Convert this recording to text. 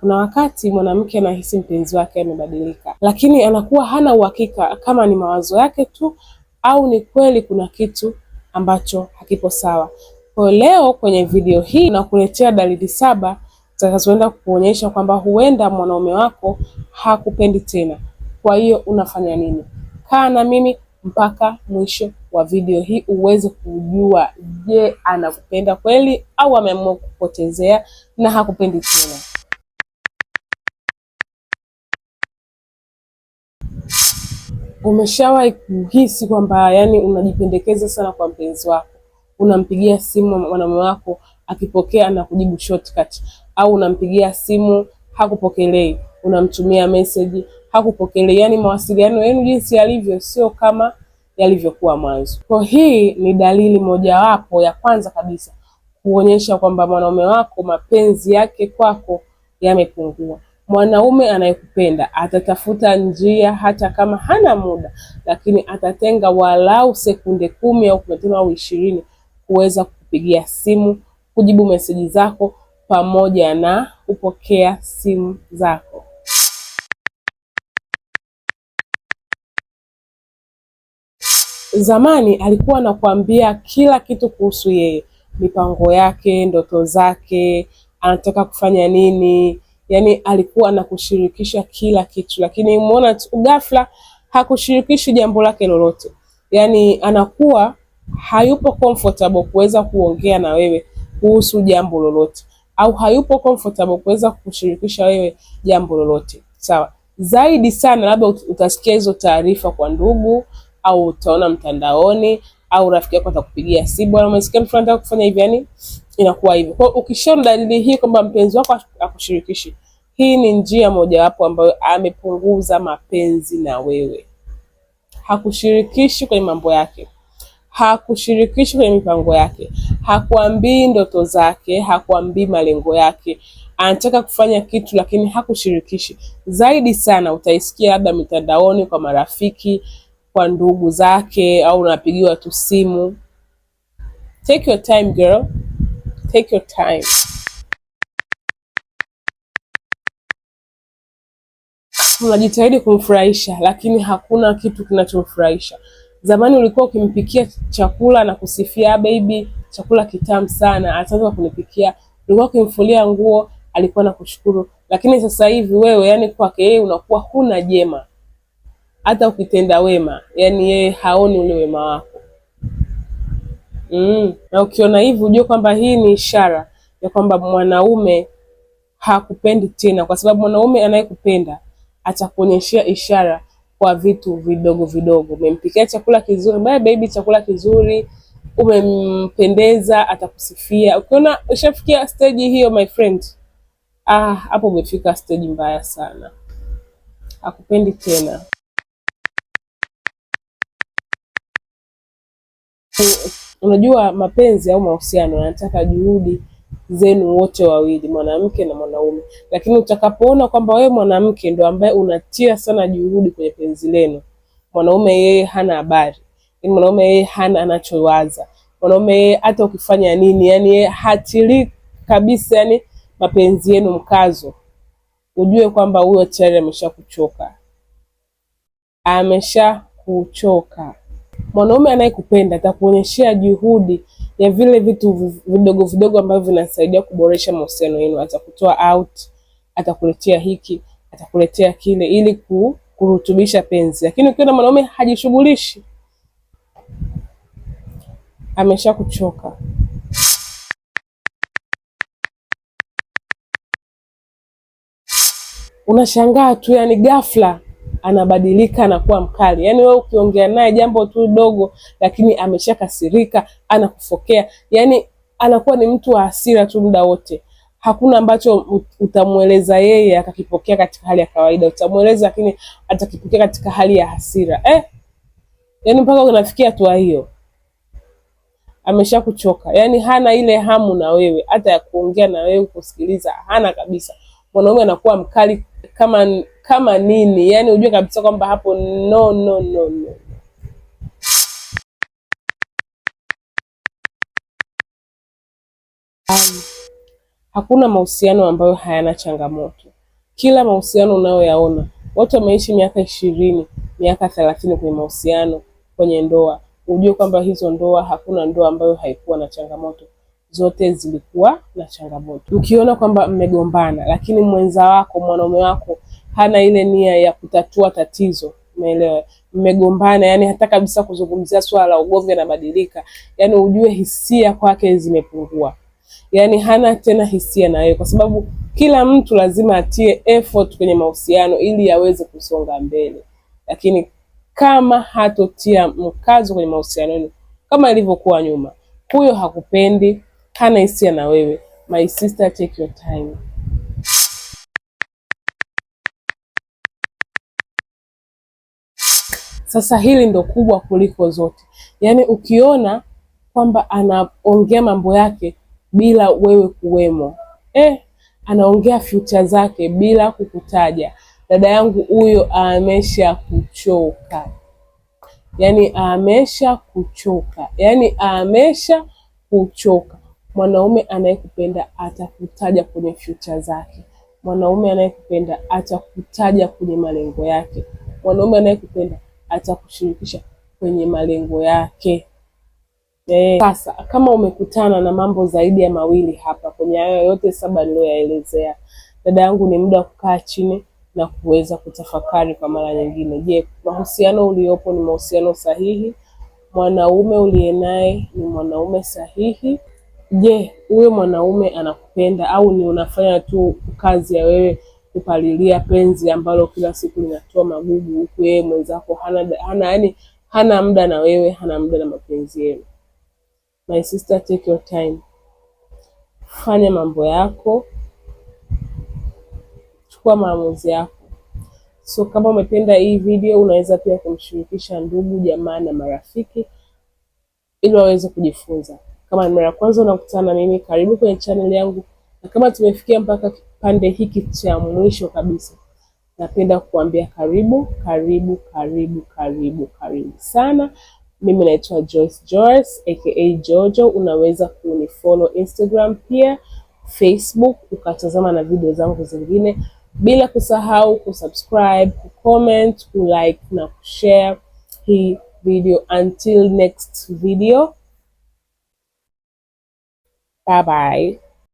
Kuna wakati mwanamke anahisi mpenzi wake amebadilika, lakini anakuwa hana uhakika kama ni mawazo yake tu au ni kweli kuna kitu ambacho hakipo sawa. Kwa leo kwenye video hii nakuletea dalili saba zitakazoenda kuonyesha kwamba huenda mwanaume wako hakupendi tena. Kwa hiyo unafanya nini? Kaa na mimi mpaka mwisho wa video hii uweze kujua, je, anakupenda kweli au ameamua kupotezea na hakupendi tena. Umeshawahi kuhisi kwamba yani unajipendekeza sana kwa mpenzi wako, unampigia simu mwanaume wako akipokea na kujibu shortcut, au unampigia simu hakupokelei, unamtumia message hakupokelei, yani mawasiliano yenu jinsi yalivyo sio kama yalivyokuwa mwanzo. Kwa hii ni dalili mojawapo ya kwanza kabisa kuonyesha kwamba mwanaume wako mapenzi yake kwako yamepungua. Mwanaume anayekupenda atatafuta njia, hata kama hana muda, lakini atatenga walau sekunde kumi au kumi na tano au ishirini kuweza kupigia simu, kujibu meseji zako pamoja na kupokea simu zako. Zamani alikuwa anakuambia kila kitu kuhusu yeye, mipango yake, ndoto zake, anataka kufanya nini yani alikuwa na kushirikisha kila kitu, lakini umeona ghafla hakushirikishi jambo lake lolote, yani anakuwa hayupo comfortable kuweza kuongea na wewe kuhusu jambo lolote, au hayupo comfortable kuweza kushirikisha wewe jambo lolote. Sawa zaidi sana, labda utasikia hizo taarifa kwa ndugu au utaona mtandaoni au rafiki yako atakupigia simu, bwana, umesikia mtu anataka kufanya hivi, yani inakuwa hivyo. Kwa hiyo dalili hii kwamba mpenzi wako akushirikishi, hii ni njia mojawapo ambayo amepunguza mapenzi na wewe. Hakushirikishi kwenye mambo yake, hakushirikishi kwenye mipango yake, hakuambii ndoto zake, hakuambii malengo yake anataka kufanya kitu lakini hakushirikishi. Zaidi sana utaisikia labda mitandaoni kwa marafiki kwa ndugu zake au unapigiwa tu simu. Take your time girl, take your time. Unajitahidi kumfurahisha, lakini hakuna kitu kinachomfurahisha. Zamani ulikuwa ukimpikia chakula na kusifia baby, chakula kitamu sana, ataanza kunipikia. Ulikuwa ukimfulia nguo, alikuwa na kushukuru. Lakini sasa hivi wewe, yani kwake yeye, unakuwa huna jema hata ukitenda wema, yani yeye haoni ule wema wako mm. Na ukiona hivi ujue kwamba hii ni ishara ya kwamba mwanaume hakupendi tena, kwa sababu mwanaume anayekupenda atakuonyeshea ishara kwa vitu vidogo vidogo. Umempikia chakula kizuri, bye baby, chakula kizuri, umempendeza, atakusifia. Ukiona ushafikia stage hiyo, my friend, ah, hapo umefika stage mbaya sana, hakupendi tena. Unajua mapenzi au mahusiano yanataka juhudi zenu wote wawili, mwanamke na mwanaume. Lakini utakapoona kwamba wewe mwanamke ndo ambaye unatia sana juhudi kwenye penzi lenu, mwanaume yeye hana habari, yaani mwanaume yeye hana anachowaza, mwanaume yeye hata ukifanya nini, yani yeye hatilii kabisa, yani mapenzi yenu mkazo, ujue kwamba huyo tayari ameshakuchoka, ameshakuchoka. Mwanaume anayekupenda atakuonyeshea juhudi ya vile vitu vidogo vidogo ambavyo vinasaidia kuboresha mahusiano yenu. Atakutoa out, atakuletea hiki, atakuletea kile, ili kurutubisha penzi. Lakini ukiona mwanaume hajishughulishi, amesha kuchoka. Unashangaa tu, yani ghafla anabadilika anakuwa mkali. Yaani wewe ukiongea naye jambo tu dogo, lakini ameshakasirika, anakufokea, yaani anakuwa ni mtu wa hasira tu muda wote. Hakuna ambacho utamweleza yeye akakipokea katika hali ya kawaida, utamweleza lakini atakipokea katika hali ya hasira eh? Yaani mpaka unafikia hatua hiyo, ameshakuchoka. Yaani hana ile hamu na wewe, hata ya kuongea na wewe, kusikiliza hana kabisa. Mwanaume anakuwa mkali kama kama nini, yani ujue kabisa kwamba hapo no, no, no, no. Um, hakuna mahusiano ambayo hayana changamoto. Kila mahusiano unayoyaona watu wameishi miaka ishirini, miaka thelathini kwenye mahusiano, kwenye ndoa, ujue kwamba hizo ndoa, hakuna ndoa ambayo haikuwa na changamoto, zote zilikuwa na changamoto. Ukiona kwamba mmegombana, lakini mwenza wako, mwanaume wako hana ile nia ya kutatua tatizo. Umeelewa? Mmegombana, yani hata kabisa kuzungumzia swala la ugomvi na badilika, yani ujue hisia kwake zimepungua, yani hana tena hisia na wewe, kwa sababu kila mtu lazima atie effort kwenye mahusiano ili aweze kusonga mbele, lakini kama hatotia mkazo kwenye mahusiano kama ilivyokuwa nyuma, huyo hakupendi, hana hisia na wewe. My sister, take your time. Sasa hili ndo kubwa kuliko zote, yaani ukiona kwamba anaongea mambo yake bila wewe kuwemo eh, anaongea future zake bila kukutaja. Dada yangu huyo amesha kuchoka, yaani amesha kuchoka, yaani amesha kuchoka. Mwanaume anayekupenda atakutaja kwenye future zake. Mwanaume anayekupenda atakutaja kwenye malengo yake. Mwanaume anayekupenda atakushirikisha kwenye malengo yake. E, sasa kama umekutana na mambo zaidi ya mawili hapa kwenye hayo yote saba niliyoyaelezea, dada yangu, ni muda wa kukaa chini na kuweza kutafakari kwa mara nyingine. Je, mahusiano uliopo ni mahusiano sahihi? Mwanaume uliye naye ni mwanaume sahihi? Je, huyo mwanaume anakupenda au ni unafanya tu kazi ya wewe kupalilia penzi ambalo kila siku linatoa magugu, huku yeye mwenzako hana, hana, yani, hana muda na wewe, hana muda na mapenzi yenu. My sister, take your time, fanya mambo yako, chukua maamuzi yako. So kama umependa hii video, unaweza pia kumshirikisha ndugu, jamaa na marafiki ili waweze kujifunza. Kama ni mara ya kwanza unakutana na mimi, karibu kwenye channel yangu, na kama tumefikia mpaka kipande hiki cha mwisho kabisa, napenda kukuambia karibu, karibu, karibu, karibu, karibu sana. Mimi naitwa Joyce Joyce aka Jojo. Unaweza kunifollow Instagram pia Facebook, ukatazama na video zangu zingine, bila kusahau kusubscribe, kucomment, kulike na kushare hii video. Until next video, bye bye.